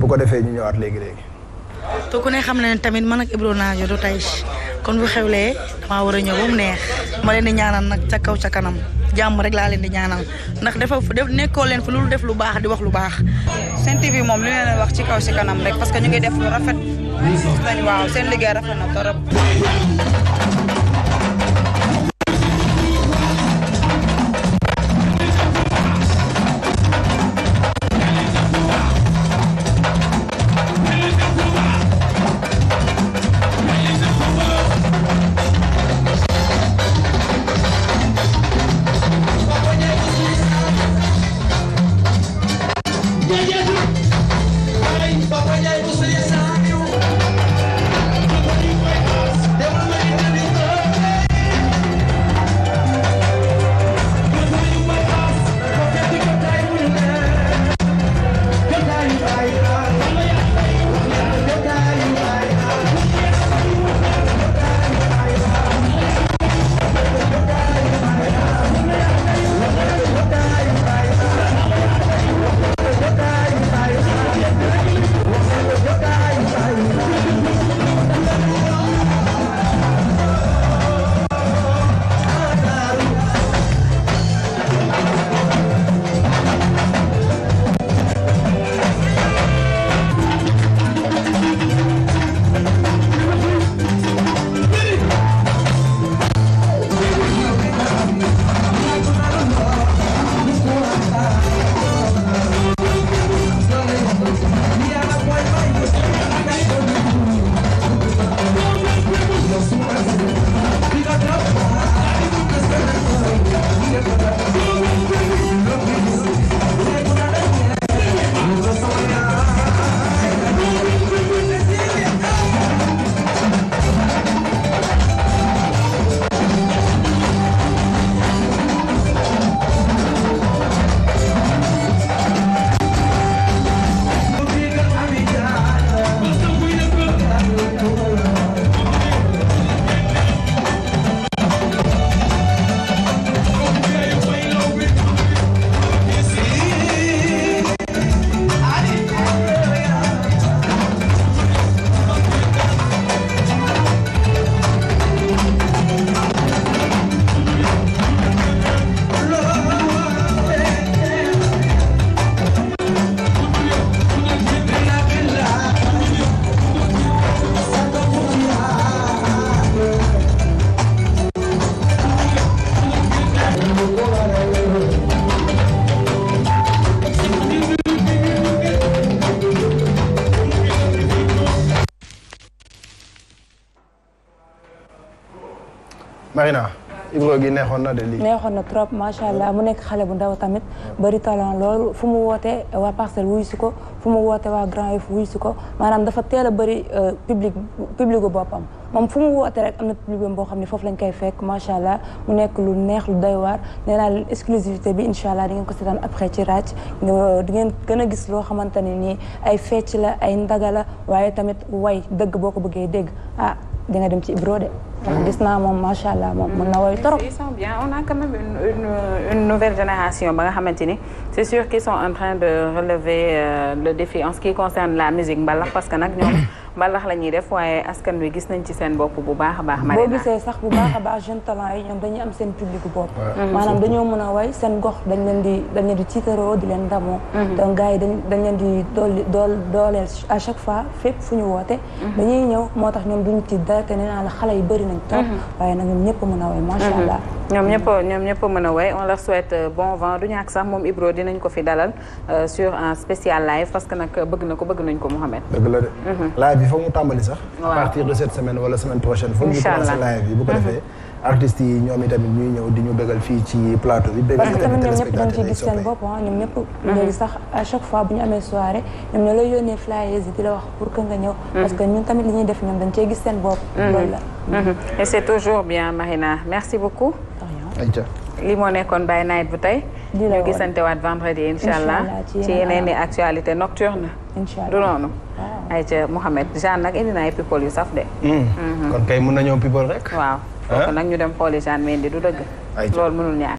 bu ko defee ñu ñëwaat léegi léegi. te ku ne xam na ne tamit man ak Ibro Nadio du tey kon bu xewlee damaa war a ñëw neex. ma leen di ñaanal nag ca kaw ca kanam jàmm rek laa leen di ñaanal ndax dafa def nekkoo leen fi lu def lu baax di wax lu baax. seen TV moom li leen wax ci kaw ci kanam rek parce que ñu ngi def lu rafet. waaw seen liggéey rafet na torop. Marina Ibro gi neexoon na de lii. neexoon na trop macha allah mu nekk xale bu ndaw tamit bari talent loolu fu mu wootee waa parcelle wuyu si ko fu mu wootee waa Grand Yoff wuyu si ko maanaam dafa teel a bari euh, public public bu boppam. moom fu mu wootee rek am na public boo xam ne foofu lañ koy fekk macha allah mu nekk lu neex lu doy waar nee naa leen exclusivité bi incha allah di ngeen ko seetaan après ci raaj di ngeen gën a gis loo xamante ne nii ay fecc la ay ndaga la waaye tamit way dëgg boo ko bëggee dégg ah di nga dem ci Ibro de. ndax gis naa moom macha allah moom mën na woy trop. ils sont bien on a quand même une une, une nouvelle génération ba nga xamante ni c'est sûr qu'ils sont en train de relever euh, le défi en ce qui concerne la musique mbalax parce que nag ñoom. mbalax la ñuy def waaye askan wi gis nañ ci seen bopp bu baax a baax. boo gisee sax bu baax a baax jeune talent yi ñoom dañuy am seen public bopp. Mm. maanaam dañoo mën a way seen gox dañ leen di dañ leen di tiitaroo di leen damoo. Mm-hmm. donc gars yi dañ dañ leen di dool dool dooleel à chaque fois fépp fu ñu woote. Mm-hmm. dañuy ñëw moo tax ñoom duñ ci da te nee naa la xale yi bëri nañ trop. Mm-hmm. waaye nag ñun ñëpp mën a way macha allah. ñoom ñëpp ñoom ñëpp mën a way on leur souhaite euh, bon vent du ñàkk sax moom Ibro dinañ ko fi dalal euh, sur un spécial live parce que nag bëgg na ko bëgg nañ ko Mouhamed. Mhm. live bi foog mu tàmbali sax. partir de cette semaine wala semaine prochaine. foog ñu mhm. ah, mhm. sax chaque fois bu ñu amee soirée ñoom ñoo lay yónnee flyers yi di wax pour que nga ñëw. parce que ñun tamit li ñuy def ñoom dañ cee gis seen bopp. loolu la. et c'est toujours bien Marina merci beaucoup. ayca li moo nekkoon Baye Night bu tey. di la ñu gisante waat vendredi incha allah ci yeneen i actualité nocturne. incha allah du noonu. waaw ayca Jeanne nag indi na ay people yu saf de. Hmm. Mhm. kon kay mun nañoo people rek. waaw kooku ñu dem xooli Jeanne Mendy du dëgg. loolu mënul ñaar.